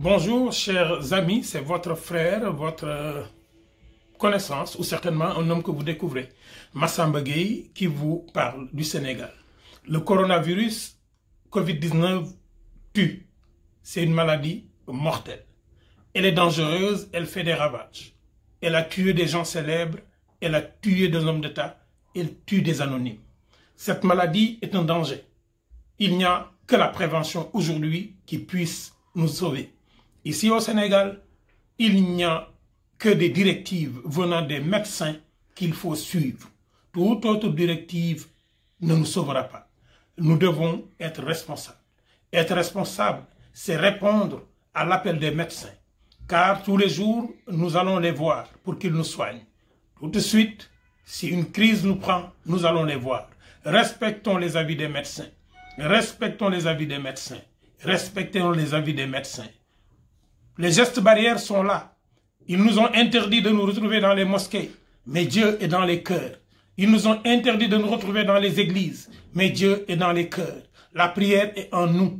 Bonjour chers amis, c'est votre frère, votre euh, connaissance ou certainement un homme que vous découvrez, Massamba Gueye, qui vous parle du Sénégal. Le coronavirus Covid-19 tue. C'est une maladie mortelle. Elle est dangereuse, elle fait des ravages. Elle a tué des gens célèbres, elle a tué des hommes d'État, elle tue des anonymes. Cette maladie est un danger. Il n'y a que la prévention aujourd'hui qui puisse nous sauver. Ici au Sénégal, il n'y a que des directives venant des médecins qu'il faut suivre. Toute autre directive ne nous sauvera pas. Nous devons être responsables. Être responsable, c'est répondre à l'appel des médecins. Car tous les jours, nous allons les voir pour qu'ils nous soignent. Tout de suite, si une crise nous prend, nous allons les voir. Respectons les avis des médecins. Respectons les avis des médecins. Respectons les avis des médecins. Les gestes barrières sont là. Ils nous ont interdit de nous retrouver dans les mosquées, mais Dieu est dans les cœurs. Ils nous ont interdit de nous retrouver dans les églises, mais Dieu est dans les cœurs. La prière est en nous.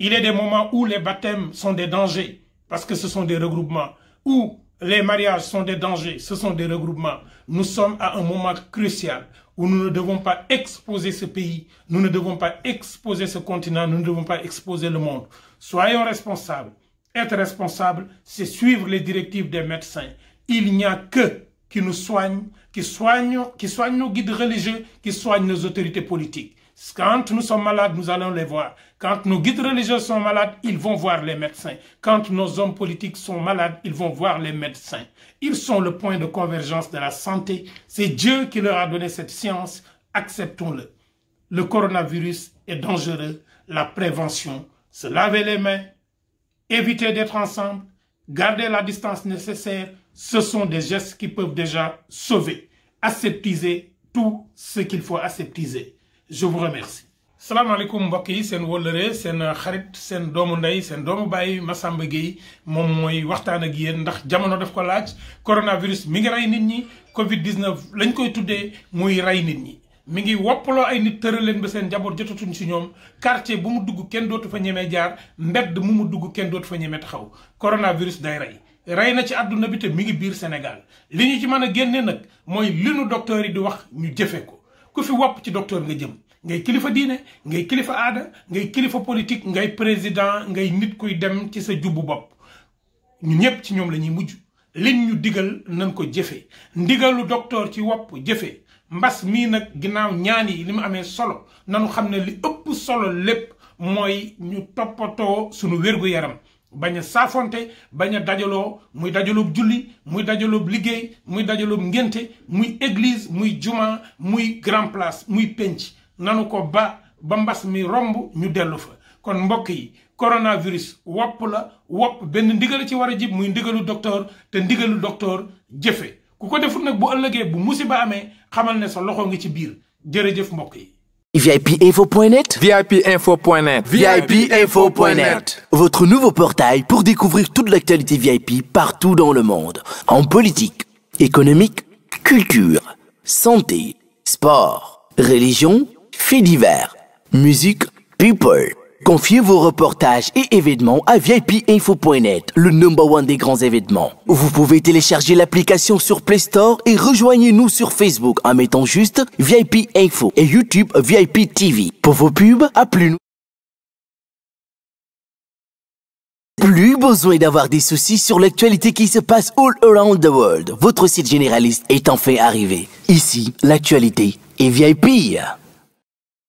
Il a des moments où les baptêmes sont des dangers, parce que ce sont des regroupements, où les mariages sont des dangers, ce sont des regroupements. Nous sommes à un moment crucial où nous ne devons pas exposer ce pays, nous ne devons pas exposer ce continent, nous ne devons pas exposer le monde. Soyons responsables. Être responsable, c'est suivre les directives des médecins. Il n'y a que qui nous soignent, qui soignent, qui soignent nos guides religieux, qui soignent nos autorités politiques. Quand nous sommes malades, nous allons les voir. Quand nos guides religieux sont malades, ils vont voir les médecins. Quand nos hommes politiques sont malades, ils vont voir les médecins. Ils sont le point de convergence de la santé. C'est Dieu qui leur a donné cette science. Acceptons-le. Le coronavirus est dangereux. La prévention, se laver les mains, éviter d'être ensemble, garder la distance nécessaire, ce sont des gestes qui peuvent déjà sauver. Aseptiser tout ce qu'il faut aseptiser. Je vous remercie. Salam alaikum yi sen wolere sen xarit sen domou ndey sen domou baye Massamba Gueye moom mooy ak yeen ndax jamono daf ko laaj coronavirus mi ngi nit ñi Covid 19 lañ koy tuddé moy ray nit ñi. mi ngi woppaloo ay nit tëral leen ba seen njaboot jotatuñ si ñoom quartier bu mu dugg kenn dootu fa ñemee jaar mbedd mu mu dugg kenn dootu fa ñemee taxaw coronavirus day rey rey na ci àdduna bi te mi ngi biir Sénégal li ñu ci mën a génnee nag mooy li nu docteur yi di wax ñu jëfe ko ku fi wopp ci docteur nga jëm ngay kilifa diine ngay kilifa aada ngay kilifa politique ngay président ngay nit kuy dem ci sa jubbu bopp ñu ñëpp ci ñoom la ñuy mujj liñ ñu digal nañ ko jëfe ndigalu docteur ci wopp jëfe mbas mii nag ginnaaw ñaan yi li mu amee solo nanu xam ne li ëpp solo lépp mooy ñu toppatoo sunu wér-gu-yaram bañ a saafonte bañ a dajaloo muy dajaloob julli muy dajaloob liggéey muy dajaloob ngénte muy église muy juma muy grand place muy penc nanu ko ba ba mbas mi romb ñu dellu fa kon mbokk yi coronavirus wopp la wopp benn ndigal ci wara a jib muy ndigalu docteur te ndigalu docteur jëfe ku ko defut nag bu ëllëgee bu musiba amee xamal ne sa loxo nga ci biir jërëjëf mbokk yi. VIPinfo.net. VIPinfo.net. VIPinfo.net. Votre nouveau portail pour découvrir toute l'actualité VIP partout dans le monde. En politique, économique, culture, santé, sport, religion, faits divers, musique, people. Confiez vos reportages et événements à VIPinfo.net, le number one des grands événements. Vous pouvez télécharger l'application sur Play Store et rejoignez-nous sur Facebook en mettant juste VIP Info et YouTube VIP TV. Pour vos pubs, appelez-nous. Plus besoin d'avoir des soucis sur l'actualité qui se passe all around the world. Votre site généraliste est enfin arrivé. Ici, l'actualité est VIP.